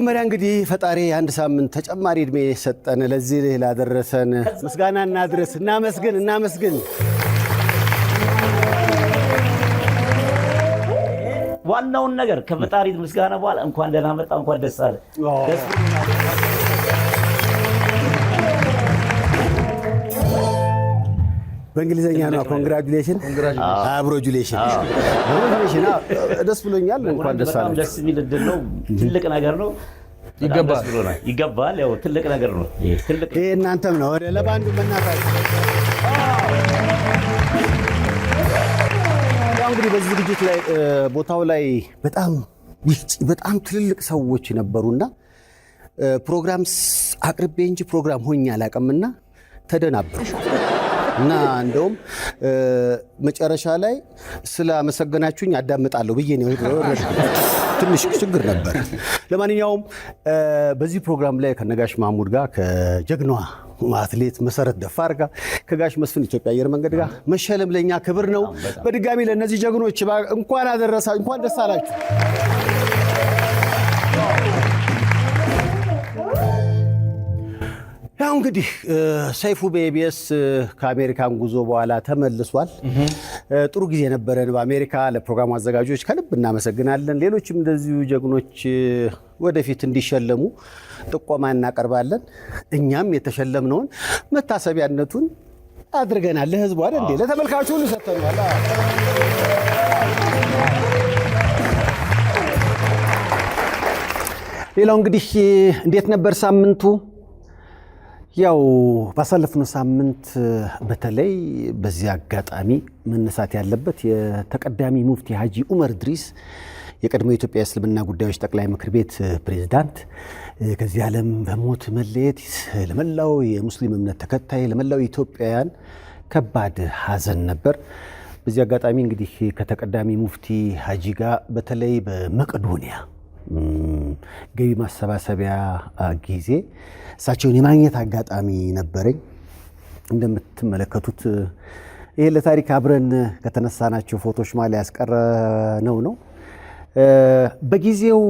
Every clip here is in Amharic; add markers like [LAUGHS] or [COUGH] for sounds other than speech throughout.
በመጀመሪያ እንግዲህ ፈጣሪ አንድ ሳምንት ተጨማሪ እድሜ ሰጠን። ለዚህ ላደረሰን ምስጋና እናድረስ፣ እናመስግን፣ እናመስግን። ዋናውን ነገር ከፈጣሪ ምስጋና በኋላ እንኳን ደህና መጣ፣ እንኳን ደስ አለ። በእንግሊዝኛ ነው ኮንግራጁሌሽን፣ አብሮጁሌሽን። ah, ah. ah, ደስ ብሎኛል። እንኳን ደስ አለ። ደስ የሚል እድል ነው። ትልቅ ነገር ነው። ይገባል። ያው ትልቅ ነገር ነው። ይሄ እናንተም ነው ወደ ለባንዱ መናታችሁ እንግዲህ በዚህ ዝግጅት ላይ ቦታው ላይ በጣም በጣም ትልልቅ ሰዎች ነበሩና ፕሮግራም አቅርቤ እንጂ ፕሮግራም ሆኜ አላውቅምና ተደናበሩ። እና እንደውም መጨረሻ ላይ ስላመሰገናችሁኝ አዳምጣለሁ ብዬ ነው። ትንሽ ችግር ነበር። ለማንኛውም በዚህ ፕሮግራም ላይ ከነጋሽ ማህሙድ ጋር ከጀግኗ አትሌት መሰረት ደፋር ጋር ከጋሽ መስፍን ኢትዮጵያ አየር መንገድ ጋር መሸለም ለእኛ ክብር ነው። በድጋሚ ለእነዚህ ጀግኖች እንኳን አደረሳ እንኳን ደስ አላችሁ። ያው እንግዲህ ሰይፉ በኢቢኤስ ከአሜሪካን ጉዞ በኋላ ተመልሷል። ጥሩ ጊዜ ነበረን በአሜሪካ። ለፕሮግራሙ አዘጋጆች ከልብ እናመሰግናለን። ሌሎችም እንደዚሁ ጀግኖች ወደፊት እንዲሸለሙ ጥቆማ እናቀርባለን። እኛም የተሸለምነውን መታሰቢያነቱን አድርገናል። ለህዝቡ አይደል እንዴ? ለተመልካቹ ሁሉ ሰጥተናል። ሌላው እንግዲህ እንዴት ነበር ሳምንቱ? ያው ባሳለፍነው ሳምንት በተለይ በዚህ አጋጣሚ መነሳት ያለበት የተቀዳሚ ሙፍቲ ሀጂ ኡመር ድሪስ የቀድሞ የኢትዮጵያ እስልምና ጉዳዮች ጠቅላይ ምክር ቤት ፕሬዝዳንት ከዚህ ዓለም በሞት መለየት ለመላው የሙስሊም እምነት ተከታይ ለመላው ኢትዮጵያውያን ከባድ ሀዘን ነበር። በዚህ አጋጣሚ እንግዲህ ከተቀዳሚ ሙፍቲ ሀጂ ጋር በተለይ በመቄዶንያ ገቢ ማሰባሰቢያ ጊዜ እሳቸውን የማግኘት አጋጣሚ ነበረኝ። እንደምትመለከቱት ይህ ለታሪክ አብረን ከተነሳናቸው ፎቶች ማለ ያስቀረ ነው ነው በጊዜው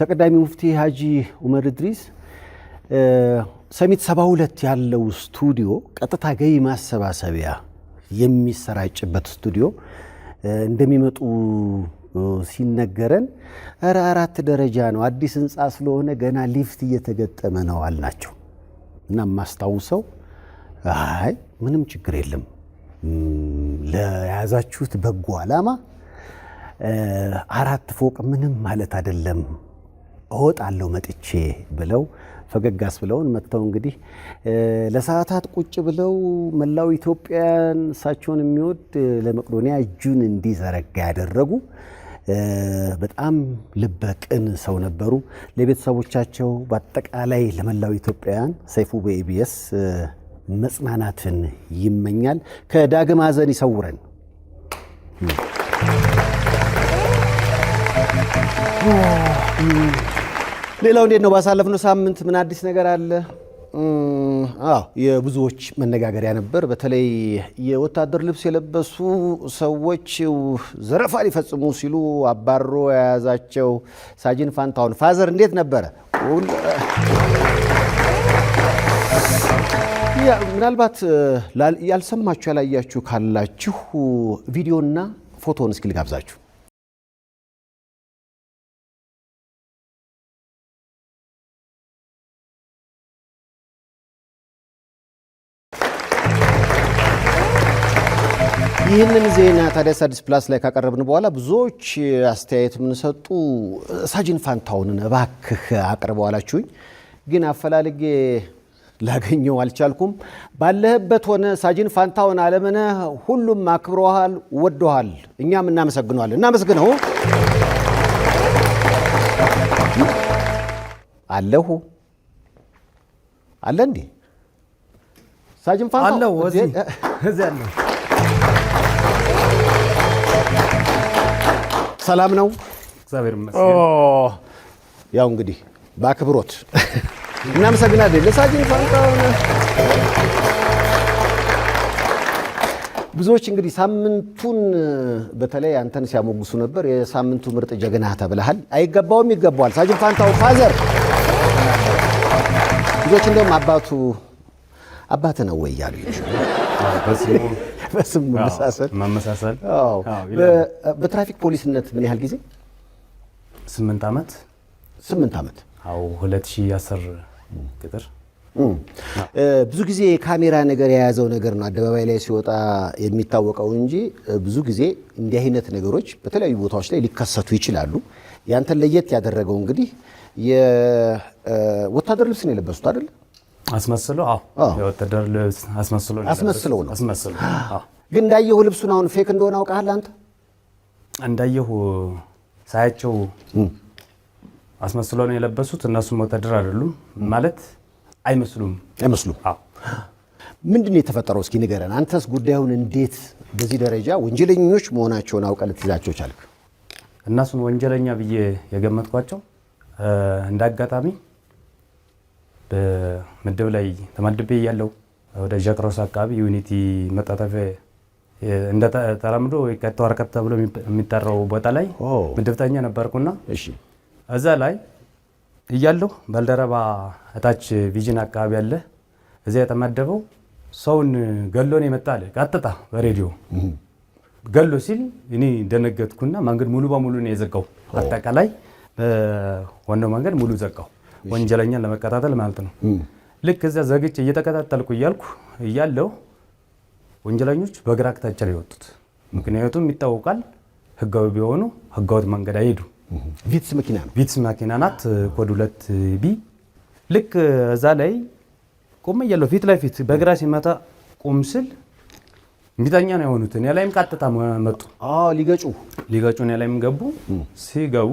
ተቀዳሚ ሙፍቲ ሀጂ ኡመር እድሪስ ሰሚት 72 ያለው ስቱዲዮ ቀጥታ ገቢ ማሰባሰቢያ የሚሰራጭበት ስቱዲዮ እንደሚመጡ ሲነገረን ኧረ አራት ደረጃ ነው አዲስ ህንፃ ስለሆነ ገና ሊፍት እየተገጠመ ነው አልናቸው እና የማስታውሰው አይ ምንም ችግር የለም ለያዛችሁት በጎ ዓላማ አራት ፎቅ ምንም ማለት አይደለም እወጣለሁ መጥቼ ብለው ፈገግ አስብለውን መጥተው እንግዲህ ለሰዓታት ቁጭ ብለው መላው ኢትዮጵያን እሳቸውን የሚወድ ለመቅዶንያ እጁን እንዲዘረጋ ያደረጉ በጣም ልበቅን ሰው ነበሩ። ለቤተሰቦቻቸው በአጠቃላይ ለመላው ኢትዮጵያውያን ሰይፉ በኢቢኤስ መጽናናትን ይመኛል። ከዳግም ሐዘን ይሰውረን። ሌላው እንዴት ነው? ባሳለፍነው ሳምንት ምን አዲስ ነገር አለ? አዎ የብዙዎች መነጋገሪያ ነበር። በተለይ የወታደር ልብስ የለበሱ ሰዎች ዘረፋ ሊፈጽሙ ሲሉ አባሮ የያዛቸው ሳጅን ፋንታውን ፋዘር እንዴት ነበረ? ምናልባት ያልሰማችሁ ያላያችሁ ካላችሁ ቪዲዮና ፎቶን እስኪ ልጋብዛችሁ። ይህንን ዜና ታዲያ አዲስ ፕላስ ላይ ካቀረብን በኋላ ብዙዎች አስተያየት የምንሰጡ ሳጅን ፋንታውን እባክህ አቅርበው አላችሁኝ። ግን አፈላልጌ ላገኘው አልቻልኩም። ባለህበት ሆነ ሳጅን ፋንታውን አለምነ ሁሉም አክብረሃል፣ ወደሃል። እኛም እናመሰግነዋል። እናመስግነው አለሁ አለ እንዴ ሳጅን ፋንታሁን ሰላም ነው፣ እግዚአብሔር ይመስገን። ያው እንግዲህ በአክብሮት [LAUGHS] እናመሰግናለን ለሳጅን ፋንታሁን። ብዙዎች እንግዲህ ሳምንቱን በተለይ አንተን ሲያሞግሱ ነበር። የሳምንቱ ምርጥ ጀግና ተብለሃል። አይገባውም፣ ይገባዋል። ሳጅን ፋንታው ፋዘር ብዙዎች እንደውም አባቱ አባት ነው ወይ ይችላል። በስም መመሳሰል መመሳሰል። በትራፊክ ፖሊስነት ምን ያህል ጊዜ? ስምንት ዓመት ስምንት ዓመት። አዎ ቅጥር ብዙ ጊዜ ካሜራ ነገር የያዘው ነገር ነው አደባባይ ላይ ሲወጣ የሚታወቀው እንጂ ብዙ ጊዜ እንዲህ አይነት ነገሮች በተለያዩ ቦታዎች ላይ ሊከሰቱ ይችላሉ። ያንተን ለየት ያደረገው እንግዲህ የወታደር ልብስ ነው የለበሱት አይደለም። አስመስሎ የወታደር ልብስ አስመስሎ አስመስሎ ነው። አስመስሎ ግን እንዳየሁ ልብሱን አሁን ፌክ እንደሆነ አውቀሃል አንተ። እንዳየሁ ሳያቸው አስመስሎ ነው የለበሱት። እነሱም ወታደር አይደሉም ማለት አይመስሉም፣ አይመስሉም። ምንድን ነው የተፈጠረው? እስኪ ንገረን። አንተስ ጉዳዩን እንዴት በዚህ ደረጃ ወንጀለኞች መሆናቸውን አውቀህ ልትይዛቸው ቻልክ? እነሱን ወንጀለኛ ብዬ የገመትኳቸው እንደ አጋጣሚ በምድብ ላይ ተመድቤ እያለሁ ወደ ዣክሮስ አካባቢ ዩኒቲ መጣጠፊያ እንደ ተለምዶ ቀጥታ ወረቀት ተብሎ የሚጠራው ቦታ ላይ ምድብተኛ ነበርኩና እዛ ላይ እያለሁ ባልደረባ እታች ቪዥን አካባቢ ያለ እዚያ የተመደበው ሰውን ገሎን የመጣ አለ። ቀጥታ በሬዲዮ ገሎ ሲል እኔ ደነገጥኩና መንገድ ሙሉ በሙሉ ነው የዘጋው። አጠቃላይ በዋናው መንገድ ሙሉ ዘጋው። ወንጀለኛን ለመከታተል ማለት ነው። ልክ እዚያ ዘግቼ እየተከታተልኩ እያልኩ እያለሁ ወንጀለኞች በግራ አቅጣጫ ነው የወጡት። ምክንያቱም ይታወቃል፣ ህጋዊ ቢሆኑ ህጋዊ መንገድ አይሄዱ። ቪትስ መኪና ነው፣ ቪትስ መኪና ናት፣ ኮድ ሁለት ቢ። ልክ እዛ ላይ ቆመ እያለሁ ፊት ለፊት በግራ ሲመታ ቆም ስል እምቢተኛ ነው የሆኑት። እኔ ላይም ቀጥታ መጡ፣ ሊገጩ ሊገጩ እኔ ላይም ገቡ። ሲገቡ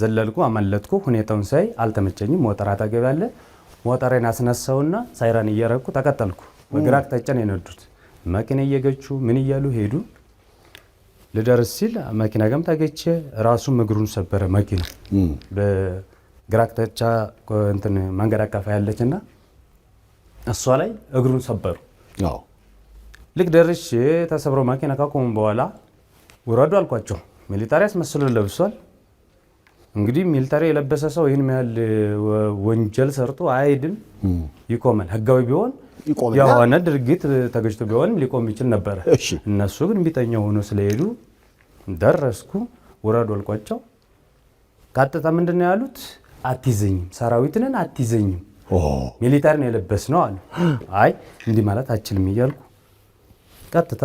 ዘለልኩ፣ አመለጥኩ። ሁኔታውን ሳይ አልተመቸኝም። ሞተር አጠገብ ያለ ሞተሬን አስነሳውና ሳይረን እየረኩ ተቀጠልኩ። በግራ አቅጣጫን የነዱት መኪና እየገቹ ምን እያሉ ሄዱ። ልደርስ ሲል መኪና ጋም ታገቼ ራሱ እግሩን ሰበረ። መኪና በግራ አቅጣጫ እንትን መንገድ አካፋ ያለችና እሷ ላይ እግሩን ሰበሩ። ልክ ደርሼ ተሰብሮ መኪና ካቆሙ በኋላ ውረዱ አልኳቸው። ሚሊታሪ አስመስሎ ለብሷል። እንግዲህ ሚሊተሪ የለበሰ ሰው ይህን ያህል ወንጀል ሰርቶ አይድም፣ ይቆማል። ህጋዊ ቢሆን የሆነ ድርጊት ተገጅቶ ቢሆንም ሊቆም ይችል ነበረ። እነሱ ግን ቢጠኛ ሆኖ ስለሄዱ ደረስኩ፣ ውረዱ አልቋቸው። ቀጥታ ምንድን ነው ያሉት? አትይዘኝም፣ ሰራዊትንን አትይዘኝም፣ ሚሊታሪን የለበስ ነው አሉ። አይ እንዲህ ማለት አችልም እያልኩ ቀጥታ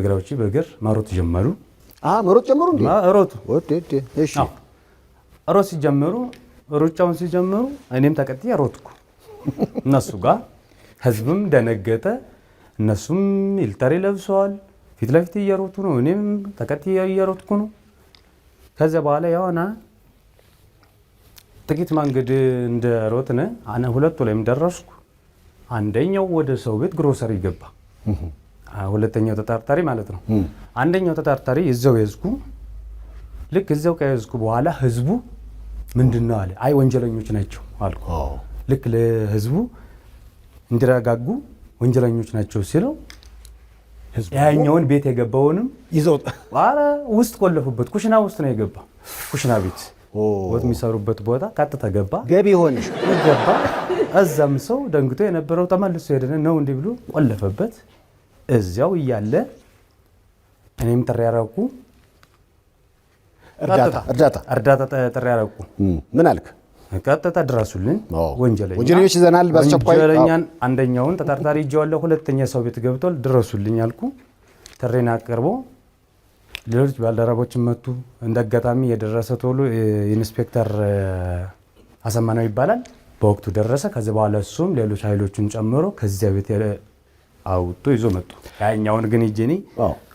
እግራዎች በእግር መሮጥ ጀመሩ። መሮጥ ጀመሩ፣ መሮጡ ሮት ሲጀምሩ ሩጫውን ሲጀምሩ እኔም ተቀጥዬ ሮጥኩ እነሱ ጋር። ህዝብም ደነገጠ። እነሱም ሚሊተሪ ለብሰዋል። ፊት ለፊት እየሮጡ ነው፣ እኔም ተከትዬ እየሮጥኩ ነው። ከዚያ በኋላ የሆነ ጥቂት መንገድ እንደ ሮጥን ሁለቱ ላይም ደረስኩ። አንደኛው ወደ ሰው ቤት ግሮሰሪ ገባ፣ ሁለተኛው ተጠርጣሪ ማለት ነው። አንደኛው ተጠርጣሪ እዛው የዝኩ ልክ እዛው ከያዝኩ በኋላ ህዝቡ ምንድን ነው አለ። አይ ወንጀለኞች ናቸው አልኩ። ልክ ለህዝቡ እንዲረጋጉ ወንጀለኞች ናቸው ሲለው ያኛውን ቤት የገባውንም ይዘው ኧረ ውስጥ ቆለፉበት። ኩሽና ውስጥ ነው የገባ። ኩሽና ቤት ወጥ የሚሰሩበት ቦታ ቀጥታ ገባ። ገቢ ሆነ ገባ። እዛም ሰው ደንግቶ የነበረው ተመልሶ ሄደነ ነው እንዲህ ብሎ ቆለፈበት። እዚያው እያለ እኔም ጥሪ ያረኩ እርዳታ እርዳታ ጥሪ ያደረኩ ምን አልክ? ቀጥታ ድረሱልን፣ ወንጀለኞች ይዘናል፣ በአስቸኳይ ወንጀለኛን አንደኛውን ተጠርጣሪ ሁለተኛ ሰው ቤት ገብቷል፣ ድረሱልኝ አልኩ። አቅርቦ ሌሎች ባልደረቦችን መቱ። እንደ አጋጣሚ የደረሰ ቶሎ ኢንስፔክተር አሰማነው ይባላል በወቅቱ ደረሰ። ከዚህ በኋላ እሱም ሌሎች ኃይሎችን ጨምሮ ከዚያ ቤት ይዞ መጡ። ያኛውን ግን ይዤ እኔ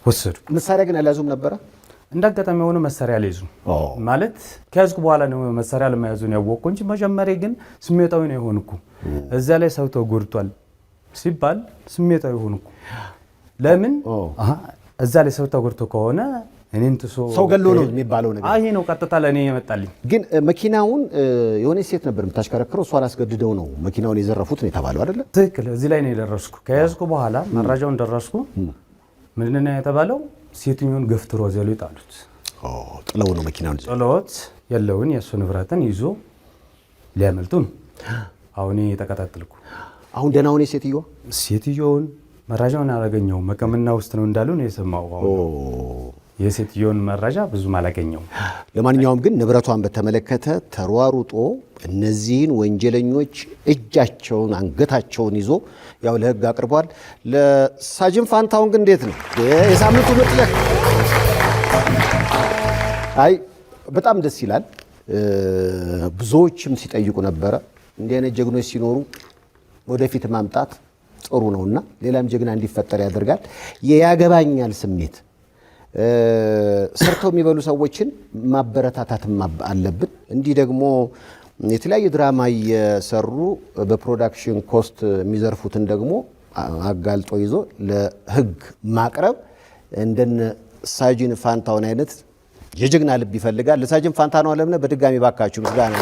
ወሰዱ። መሳሪያ ግን አልያዙም ነበረ እንዳጋጣሚ የሆነ መሳሪያ ሊይዙ ማለት ከያዝኩ በኋላ ነው መሳሪያ ለመያዙን ያወቅኩ እንጂ መጀመሪያ ግን ስሜታዊ ነው የሆንኩ። እዚያ ላይ ሰው ተጎድቷል ሲባል ስሜታዊ የሆንኩ ለምን እዛ ላይ ሰው ተጎድቶ ከሆነ እኔን ትሶ ሰው ገሎ ነው የሚባለው ነገር ይሄ ነው ቀጥታ ለእኔ የመጣልኝ። ግን መኪናውን የሆነ ሴት ነበር የምታሽከረክረው፣ እሷን አስገድደው ነው መኪናውን የዘረፉት ነው የተባለው አይደለ? ትክክል። እዚህ ላይ ነው የደረስኩ። ከያዝኩ በኋላ መረጃውን ደረስኩ። ምንድን ነው የተባለው? ሴትኛውን ገፍትሮ ዘሎ ይጣሉት። ጥለው ነው መኪና ጥለውት ያለውን የእሱ ንብረትን ይዞ ሊያመልጡ ነው። አሁን የተቀጣጠልኩ አሁን ደህና ሆነ። ሴትዮዋ ሴትዮውን መረጃውን አላገኘውም መቀመና ውስጥ ነው እንዳሉ ነው የሰማው። የሴትዮን መረጃ ብዙም አላገኘው። ለማንኛውም ግን ንብረቷን በተመለከተ ተሯሩጦ እነዚህን ወንጀለኞች እጃቸውን አንገታቸውን ይዞ ያው ለህግ አቅርቧል። ለሳጅን ፋንታውን ግን እንዴት ነው የሳምንቱ ምጥለቅ? አይ በጣም ደስ ይላል። ብዙዎችም ሲጠይቁ ነበረ እንዲህ አይነት ጀግኖች ሲኖሩ ወደፊት ማምጣት ጥሩ ነውና ሌላም ጀግና እንዲፈጠር ያደርጋል። የያገባኛል ስሜት ሰርተው የሚበሉ ሰዎችን ማበረታታት አለብን። እንዲህ ደግሞ የተለያዩ ድራማ እየሰሩ በፕሮዳክሽን ኮስት የሚዘርፉትን ደግሞ አጋልጦ ይዞ ለህግ ማቅረብ እንደነ ሳጅን ፋንታውን አይነት የጀግና ልብ ይፈልጋል። ለሳጅን ፋንታውን አለምነ በድጋሚ ባካችሁ ምስጋና።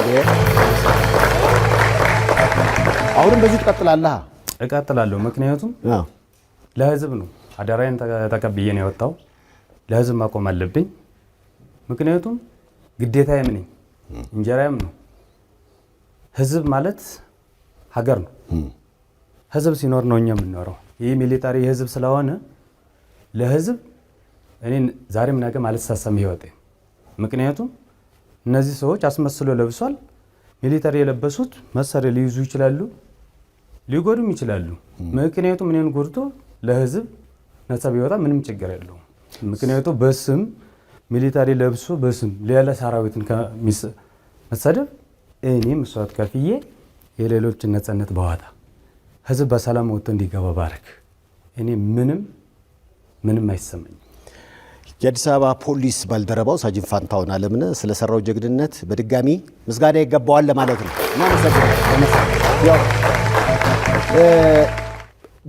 አሁንም በዚህ ትቀጥላለህ? እቀጥላለሁ። ምክንያቱም ለህዝብ ነው አደራዬን ተቀብዬ ነው የወጣው ለህዝብ ማቆም አለብኝ። ምክንያቱም የምን ነኝ፣ እንጀራዬም ነው። ህዝብ ማለት ሀገር ነው። ህዝብ ሲኖር ነው እኛ የምንኖረው። ይህ ሚሊታሪ ህዝብ ስለሆነ ለህዝብ እኔ ዛሬም ነገም አልተሳሳም ህይወቴ። ምክንያቱም እነዚህ ሰዎች አስመስሎ ለብሷል። ሚሊታሪ የለበሱት መሳሪያ ሊይዙ ይችላሉ፣ ሊጎዱም ይችላሉ። ምክንያቱም እኔን ጎድቶ ለህዝብ ነጻ ቢወጣ ምንም ችግር የለውም። ምክንያቱ በስም ሚሊታሪ ለብሶ በስም ሌላ ሰራዊትን መሰደብ እኔ መስዋዕት ከፍዬ የሌሎችን ነፃነት በዋታ ህዝብ በሰላም ወጥቶ እንዲገባ ባረክ። እኔ ምንም ምንም አይሰማኝ። የአዲስ አበባ ፖሊስ ባልደረባው ሳጅን ፋንታውን አለምነ ስለሰራው ጀግንነት በድጋሚ ምስጋና ይገባዋል ለማለት ነው።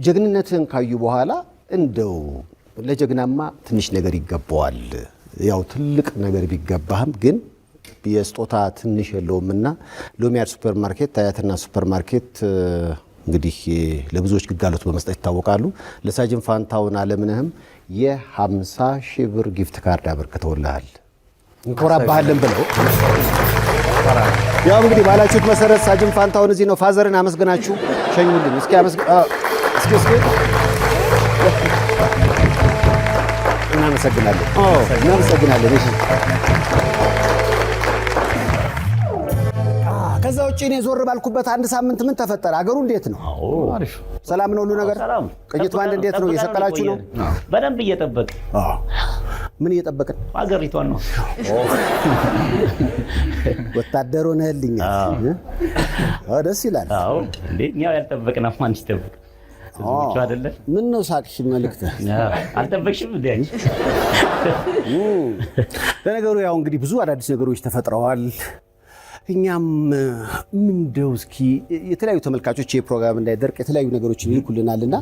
ጀግንነትን ካዩ በኋላ እንደው ለጀግናማ ትንሽ ነገር ይገባዋል። ያው ትልቅ ነገር ቢገባህም ግን የስጦታ ትንሽ የለውምና ሎሚያድ ሱፐር ማርኬት አያትና ሱፐር ማርኬት እንግዲህ ለብዙዎች ግልጋሎት በመስጠት ይታወቃሉ። ለሳጅን ፋንታውን አለምነህም የ50 ሺህ ብር ጊፍት ካርድ አበርክተውልሃል። እንኮራባሃለን ብለው ያው እንግዲህ ባላችሁት መሰረት ሳጅን ፋንታውን እዚህ ነው። ፋዘርን አመስግናችሁ ሸኙልኝ እስኪ እስኪ እናመሰግናለን። እናመሰግናለን። እሺ ከዛ ውጭ እኔ ዞር ባልኩበት አንድ ሳምንት ምን ተፈጠረ? አገሩ እንዴት ነው? ሰላም ነው? ሁሉ ነገር ቅኝት ባንድ እንዴት ነው? እየሰቀላችሁ ነው? በደንብ ምን እየጠበቅን አገሪቷን ነው። ወታደር ሆነህልኛል። ደስ ይላል። ማን ይጠብቅ? ህዝቦቹ አይደለ? ምን ነው ሳቅሽ? መልክት አልጠበቅሽም? እንዲ ለነገሩ ያው እንግዲህ ብዙ አዳዲስ ነገሮች ተፈጥረዋል። እኛም ምንደው እስኪ የተለያዩ ተመልካቾች የፕሮግራም እንዳይደርቅ የተለያዩ ነገሮችን እና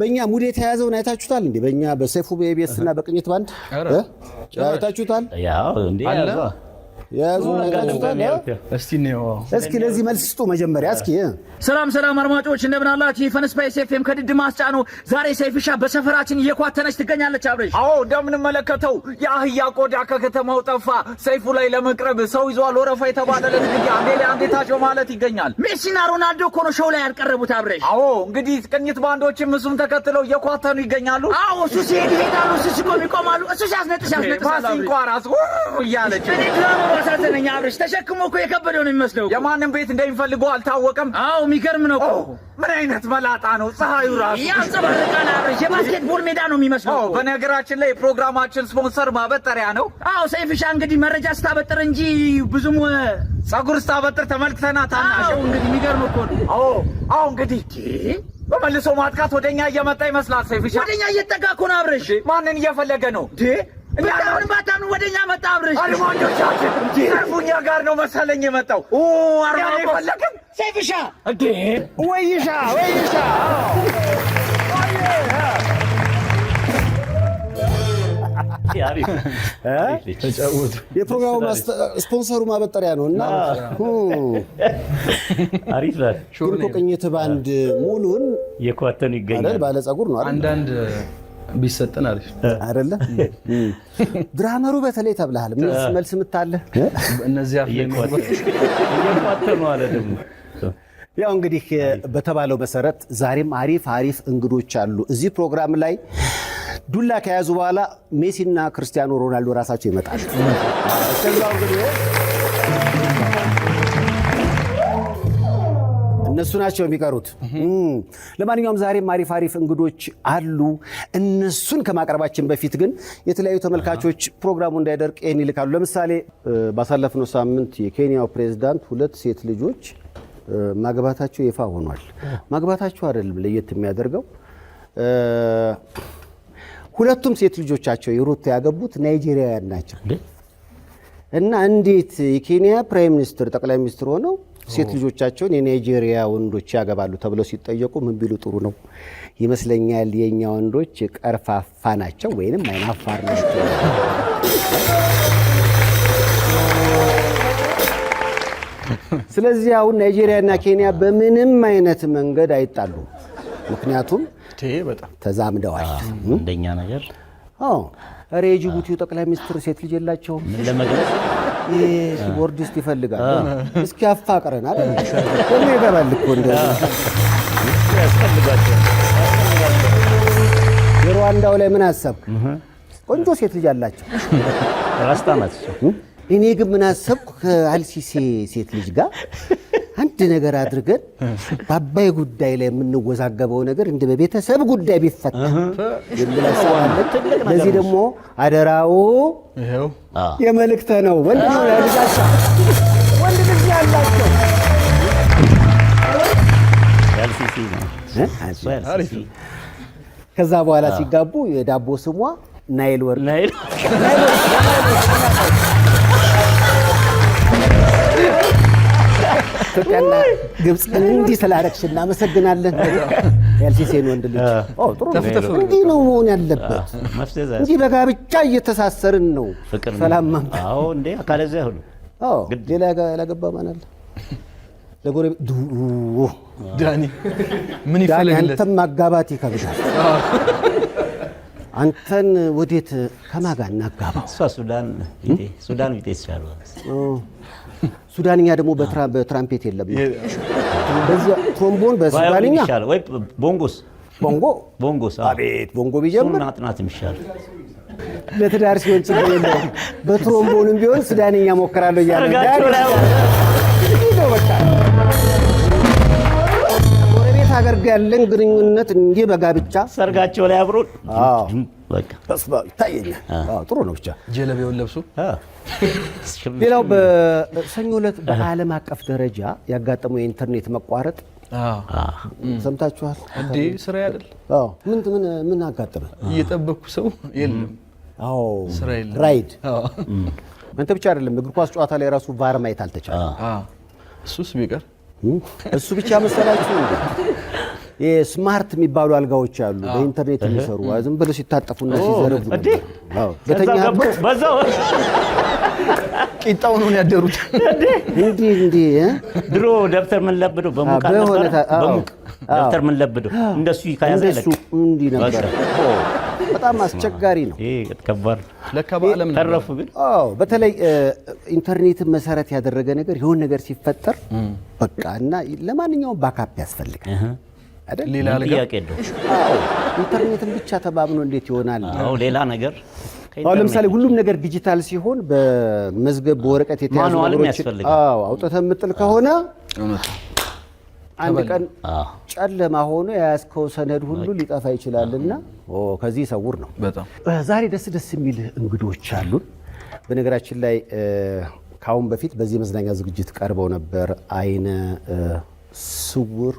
በእኛ ሙድ የተያዘውን አይታችሁታል እንዴ? በእኛ በሰይፉ በኢቢኤስ እና በቅኝት ባንድ አይታችሁታል። እስኪ ለዚህ መልስ ስጡ። መጀመሪያ እስኪ ሰላም ሰላም አድማጮች እንደምን አላችሁ? ፈን ስፓይስ ኤፍ ኤም ከድድ ማስጫ ነው። ዛሬ ሰይፍሻ በሰፈራችን እየኳተነች ትገኛለች። አብረሽ አዎ፣ እንደምንመለከተው የአህያ ቆዳ ከከተማው ጠፋ። ሰይፉ ላይ ለመቅረብ ሰው ይዟል ወረፋ የተባለ ለትግያ አንዴ አንዴ ታች በማለት ይገኛል። ሜሲና ሮናልዶ እኮ ነው ሾው ላይ ያልቀረቡት። አብረሽ አዎ፣ እንግዲህ ቅኝት ባንዶችም እሱም ተከትለው እየኳተኑ ይገኛሉ። አዎ፣ እሱ ሲሄድ ይሄዳሉ፣ እሱ ሲቆም ይቆማሉ፣ እሱ ሲያስነጥስ ያስነጥሳል። ኳስ እያለች አሳዘነኝ አብርሽ። ተሸክሞ እኮ የከበደው ነው የሚመስለው። የማንም ቤት እንደሚፈልገው አልታወቀም። አዎ የሚገርም ነው። ምን አይነት መላጣ ነው! ፀሐዩ ራሱ ያንጸባርቃል አብርሽ። የባስኬትቦል ሜዳ ነው የሚመስለው። በነገራችን ላይ የፕሮግራማችን ስፖንሰር ማበጠሪያ ነው። አዎ ሰይፍሻ፣ እንግዲህ መረጃ ስታበጥር እንጂ ብዙም ጸጉር ስታበጥር ተመልክተናት አናሸው። እንግዲህ የሚገርም እኮ ነው። አዎ እንግዲህ በመልሶ ማጥቃት ወደኛ እየመጣ ይመስላል። ሰይፍሻ፣ ወደኛ እየተጠጋ እኮ ነው አብርሽ። ማንን እየፈለገ ነው? አሁንም አታምኑ። ወደ እኛ መጣ አብረሽ አልማኞቻችን ዘርፉኛ ጋር ነው መሰለኝ የመጣው አርማፈለግም ሴፍሻ እንዴ ወይሻ ወይሻ የፕሮግራሙ ስፖንሰሩ ማበጠሪያ ነው እና ግን እኮ ባንድ ሙሉን የኳተኑ ይገኛል። ባለጸጉር ነው አንዳንድ ቢሰጠን አሪፍ አይደለ? ድራመሩ በተለይ ተብለሃል። መልስ ምታለህ? እነዚያ ያው እንግዲህ በተባለው መሰረት ዛሬም አሪፍ አሪፍ እንግዶች አሉ እዚህ ፕሮግራም ላይ ዱላ ከያዙ በኋላ ሜሲና ክርስቲያኖ ሮናልዶ ራሳቸው ይመጣል። እነሱ ናቸው የሚቀሩት። ለማንኛውም ዛሬም አሪፍ አሪፍ እንግዶች አሉ። እነሱን ከማቅረባችን በፊት ግን የተለያዩ ተመልካቾች ፕሮግራሙ እንዳይደርቅ ይህን ይልካሉ። ለምሳሌ ባሳለፍነው ሳምንት የኬንያው ፕሬዝዳንት ሁለት ሴት ልጆች ማግባታቸው ይፋ ሆኗል። ማግባታቸው አይደለም ለየት የሚያደርገው ሁለቱም ሴት ልጆቻቸው የሩት ያገቡት ናይጄሪያውያን ናቸው እና እንዴት የኬንያ ፕራይም ሚኒስትር ጠቅላይ ሚኒስትር ሆነው ሴት ልጆቻቸውን የናይጄሪያ ወንዶች ያገባሉ ተብለው ሲጠየቁ ምን ቢሉ ጥሩ ነው ይመስለኛል፣ የእኛ ወንዶች ቀርፋፋ ናቸው ወይንም አይናፋር ናቸው። ስለዚህ አሁን ናይጄሪያና ኬንያ በምንም አይነት መንገድ አይጣሉ ምክንያቱም ተዛምደዋል። እንደኛ ነገር ሬ የጅቡቲው ጠቅላይ ሚኒስትር ሴት ልጅ የላቸውም ለመግለጽ ቦርድ ውስጥ ይፈልጋል። እስኪ አፋቅረን አይደል ደግሞ ይገባል እኮ እንደ የሩዋንዳው ላይ ምን አሰብክ? ቆንጆ ሴት ልጅ አላቸው ራስታ ናት። እኔ ግን ምን አሰብኩ ከአልሲሴ ሴት ልጅ ጋር አንድ ነገር አድርገን በአባይ ጉዳይ ላይ የምንወዛገበው ነገር እንደ በቤተሰብ ጉዳይ ቢፈታ ለዚህ ደግሞ አደራው የመልእክተ ነው ወንድ ከዛ በኋላ ሲጋቡ የዳቦ ስሟ ናይል ወርቅ ኢትዮጵያና ግብፅ እንዲህ ስላረግሽ እናመሰግናለን። የአልሲሴን ወንድ ልጅ እንዲህ ነው መሆን ያለበት። እንዲህ በጋብቻ እየተሳሰርን ነው ሰላም ካለዚያ ሁሉ ሌላ ያላገባ ማን አለ? ለጎረ ዳኒ ምን ይፈልግለት? አንተም ማጋባት ይከብዳል። አንተን ወዴት ከማን እናጋባ? እሷ ሱዳን ሱዳን ቢጤ ይሻሉ ሱዳንኛ ደግሞ በትራምፔት የለም። ትሮምቦን በሱዳንኛ ወይ ቦንጎስ ቦንጎ ቦንጎስ አቤት ቦንጎ ቢጀምር የሚሻል ለትዳር ሲሆን ችግር የለውም። በትሮምቦንም ቢሆን ሱዳንኛ ሞከራለሁ እያለ ነው በቃ ሀገር ጋር ያለን ግንኙነት እንዲህ በጋብቻ ሰርጋቸው ላይ አብሮ ይታየኛል። ጥሩ ነው። ብቻ ጀለቤውን ለብሱ። ሌላው በሰኞ ዕለት በዓለም አቀፍ ደረጃ ያጋጠመው የኢንተርኔት መቋረጥ ሰምታችኋል እንዴ? ስራ ያደል ምን ምን ምን አጋጠመ? እየጠበኩ ሰው የለም። አዎ ስራ የለም። ራይድ አንተ ብቻ አይደለም እግር ኳስ ጨዋታ ላይ ራሱ ቫር ማየት አልተቻለ። እሱስ ቢቀር እሱ ብቻ መሰላችሁ? የስማርት የሚባሉ አልጋዎች አሉ፣ በኢንተርኔት የሚሰሩ ዝም ብለው ሲታጠፉና ሲዘረጉ በተኛበት በዛው ቂጣውን ነው ያደሩት። እንዲ እንዲ ድሮ ደብተር ምን ለብዶ በሙቅ ደብተር ምን ለብዶ እንደሱ ይካያዘ እንዲህ ነበር። በጣም አስቸጋሪ ነው። ተረፉ ግን በተለይ ኢንተርኔትን መሰረት ያደረገ ነገር የሆነ ነገር ሲፈጠር በቃ እና ለማንኛውም ባካፕ ያስፈልጋል። ኢንተርኔትን ብቻ ተማምኖ እንዴት ይሆናል? ሌላ ነገር አሁን ለምሳሌ ሁሉም ነገር ዲጂታል ሲሆን በመዝገብ በወረቀት የተያዙ ነገሮች የምጥል ከሆነ አንድ ቀን ጨለማ ሆኖ የያዝከው ሰነድ ሁሉ ሊጠፋ ይችላልና ከዚህ ሰውር ነው። ዛሬ ደስ ደስ የሚል እንግዶች አሉን። በነገራችን ላይ ከአሁን በፊት በዚህ የመዝናኛ ዝግጅት ቀርበው ነበር። አይነ ስውር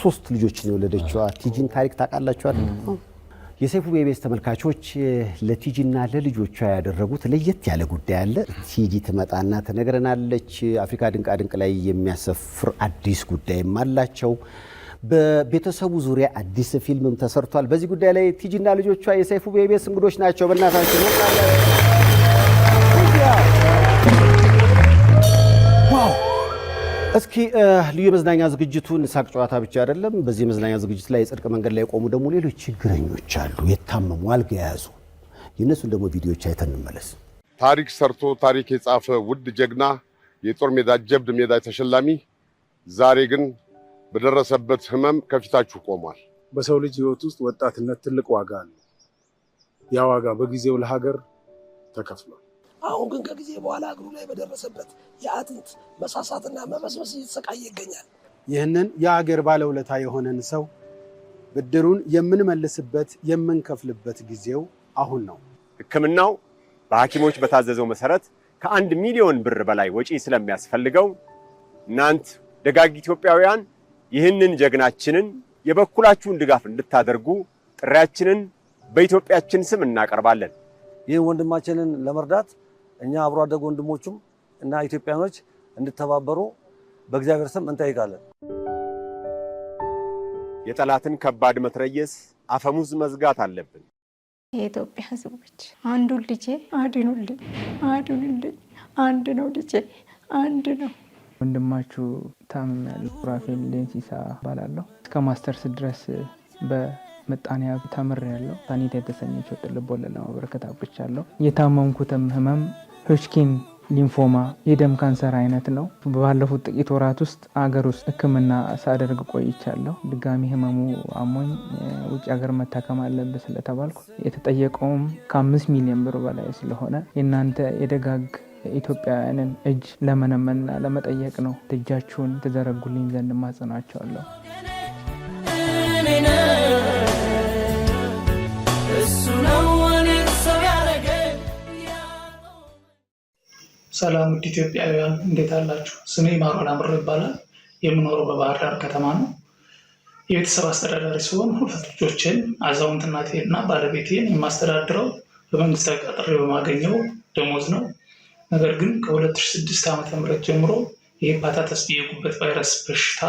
ሶስት ልጆችን የወለደችዋ ቲጂን ታሪክ ታውቃላችኋል። የሰይፉ ቤቤስ ተመልካቾች ለቲጂና ለልጆቿ ያደረጉት ለየት ያለ ጉዳይ አለ። ቲጂ ትመጣና ትነግረናለች። አፍሪካ ድንቃ ድንቅ ላይ የሚያሰፍር አዲስ ጉዳይም አላቸው። በቤተሰቡ ዙሪያ አዲስ ፊልምም ተሰርቷል። በዚህ ጉዳይ ላይ ቲጂና ልጆቿ የሰይፉ ቤቤስ እንግዶች ናቸው። በእናታችን እስኪ ልዩ የመዝናኛ ዝግጅቱን ሳቅ ጨዋታ ብቻ አይደለም። በዚህ የመዝናኛ ዝግጅት ላይ የጽድቅ መንገድ ላይ የቆሙ ደግሞ ሌሎች ችግረኞች አሉ፣ የታመሙ አልጋ የያዙ። የእነሱን ደግሞ ቪዲዮዎች አይተን እንመለስ። ታሪክ ሰርቶ ታሪክ የጻፈ ውድ ጀግና የጦር ሜዳ ጀብድ ሜዳ ተሸላሚ ዛሬ ግን በደረሰበት ህመም ከፊታችሁ ቆሟል። በሰው ልጅ ህይወት ውስጥ ወጣትነት ትልቅ ዋጋ አለ። ያ ዋጋ በጊዜው ለሀገር ተከፍሏል። አሁን ግን ከጊዜ በኋላ እግሩ ላይ በደረሰበት የአጥንት መሳሳትና መበስበስ እየተሰቃየ ይገኛል። ይህንን የአገር ባለውለታ የሆነን ሰው ብድሩን የምንመልስበት የምንከፍልበት ጊዜው አሁን ነው። ህክምናው በሐኪሞች በታዘዘው መሰረት ከአንድ ሚሊዮን ብር በላይ ወጪ ስለሚያስፈልገው እናንት ደጋግ ኢትዮጵያውያን ይህንን ጀግናችንን የበኩላችሁን ድጋፍ እንድታደርጉ ጥሪያችንን በኢትዮጵያችን ስም እናቀርባለን። ይህን ወንድማችንን ለመርዳት እኛ አብሮ አደግ ወንድሞቹም እና ኢትዮጵያኖች እንድተባበሩ በእግዚአብሔር ስም እንጠይቃለን። የጠላትን ከባድ መትረየስ አፈሙዝ መዝጋት አለብን። የኢትዮጵያ ሕዝቦች አንዱን ልጄ አድኑልኝ፣ አድኑልኝ። አንድ ነው ልጄ፣ አንድ ነው። ወንድማችሁ ታምም ያለው ራፌል ሌንሲሳ እባላለሁ። እስከ ማስተርስ ድረስ በምጣኔ ሀብት ተምሬያለሁ። ታኒታ የተሰኘችው ልብ ወለድ ለማበረከት አብቅቻለሁ። የታመምኩትም ህመም ሆጅኪን ሊምፎማ የደም ካንሰር አይነት ነው። ባለፉት ጥቂት ወራት ውስጥ አገር ውስጥ ሕክምና ሳደርግ ቆይቻለሁ። ድጋሚ ህመሙ አሞኝ ውጭ ሀገር መታከም አለብህ ስለተባልኩ የተጠየቀውም ከአምስት ሚሊዮን ብር በላይ ስለሆነ የእናንተ የደጋግ የኢትዮጵያውያንን እጅ ለመነመንና ለመጠየቅ ነው። እጃችሁን ትዘረጉልኝ ዘንድ ማጽናቸዋለሁ። ሰላም ውድ ኢትዮጵያውያን እንዴት አላችሁ? ስሜ ማሮን አምር ይባላል። የምኖረው በባህር ዳር ከተማ ነው። የቤተሰብ አስተዳዳሪ ሲሆን ሁለት ልጆችን አዛውንት እናቴን እና ባለቤቴን የማስተዳድረው በመንግስት ተቀጥሬ በማገኘው ደሞዝ ነው። ነገር ግን ከ2006 ዓ ም ጀምሮ የሄፓታይተስ የጉበት ቫይረስ በሽታ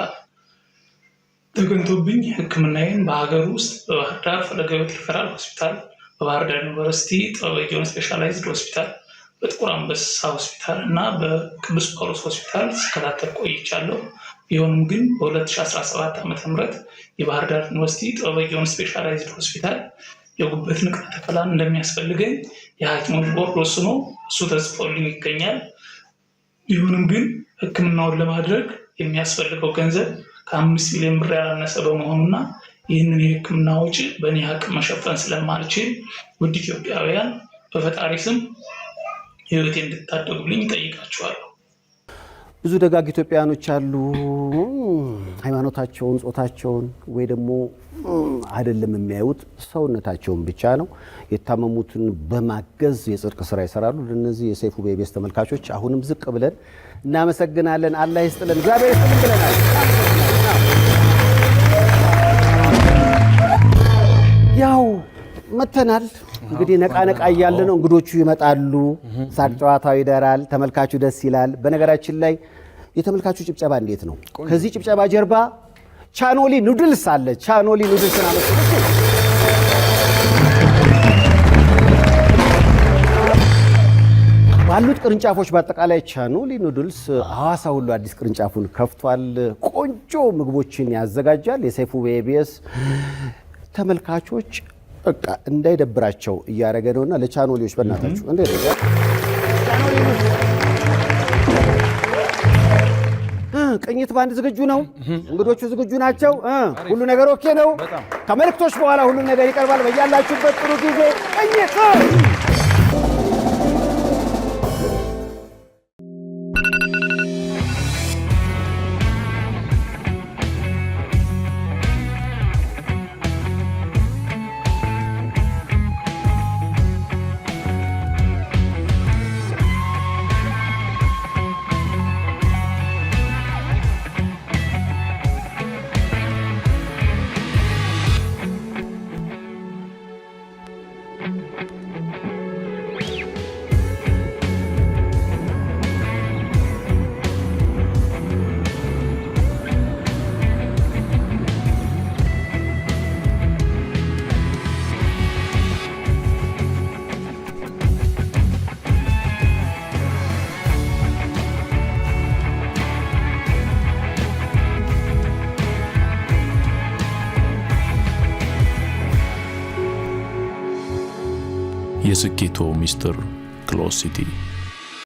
ተገኝቶብኝ ህክምናዬን በሀገር ውስጥ በባህር ዳር ፈለገ ሕይወት ሪፈራል ሆስፒታል፣ በባህር ዳር ዩኒቨርሲቲ ጥበበ ጊዮን ስፔሻላይዝድ ሆስፒታል፣ በጥቁር አንበሳ ሆስፒታል እና በቅዱስ ጳውሎስ ሆስፒታል ስከታተል ቆይቻለሁ። ቢሆንም ግን በ2017 ዓ ም የባህር ዳር ዩኒቨርሲቲ ጥበበ ጊዮን ስፔሻላይዝድ ሆስፒታል የጉበት ንቅለ ተከላን እንደሚያስፈልገኝ የሐኪሞች ቦርድ ወስኖ እሱ ተጽፎልኝ ይገኛል። ይሁንም ግን ህክምናውን ለማድረግ የሚያስፈልገው ገንዘብ ከአምስት ሚሊዮን ብር ያላነሰ በመሆኑና ይህንን የህክምና ውጪ በእኔ አቅም መሸፈን ስለማልችል ውድ ኢትዮጵያውያን በፈጣሪ ስም ህይወቴ እንድታደጉልኝ ጠይቃችኋለሁ። ብዙ ደጋግ ኢትዮጵያውያኖች አሉ። ሃይማኖታቸውን፣ ጾታቸውን ወይ ደግሞ አይደለም የሚያዩት ሰውነታቸውን ብቻ ነው። የታመሙትን በማገዝ የጽድቅ ስራ ይሰራሉ። ለነዚህ የሰይፉ ቤቤስ ተመልካቾች አሁንም ዝቅ ብለን እናመሰግናለን። አላህ ይስጥልን፣ እግዚአብሔር ይስጥልን ብለናል። ያው መተናል እንግዲህ ነቃ ነቃ እያለ ነው። እንግዶቹ ይመጣሉ፣ ሳቅ ጨዋታው ይደራል፣ ተመልካቹ ደስ ይላል። በነገራችን ላይ የተመልካቹ ጭብጨባ እንዴት ነው! ከዚህ ጭብጨባ ጀርባ ቻኖሊ ኑድልስ አለ። ቻኖሊ ኑድልስ ባሉት ቅርንጫፎች በአጠቃላይ ቻኖሊ ኑድልስ ሐዋሳ ሁሉ አዲስ ቅርንጫፉን ከፍቷል። ቆንጆ ምግቦችን ያዘጋጃል። የሰይፉ ኢቢኤስ ተመልካቾች በቃ እንዳይደብራቸው እያደረገ ነው እና ለቻኖሌዎች በእናታችሁ እንዴ ቅኝት ባንድ ዝግጁ ነው። እንግዶቹ ዝግጁ ናቸው። ሁሉ ነገር ኦኬ ነው። ከመልእክቶች በኋላ ሁሉም ነገር ይቀርባል። በያላችሁበት ጥሩ ጊዜ ቅኝት የስኬቶ ሚስጥር ክሎዝ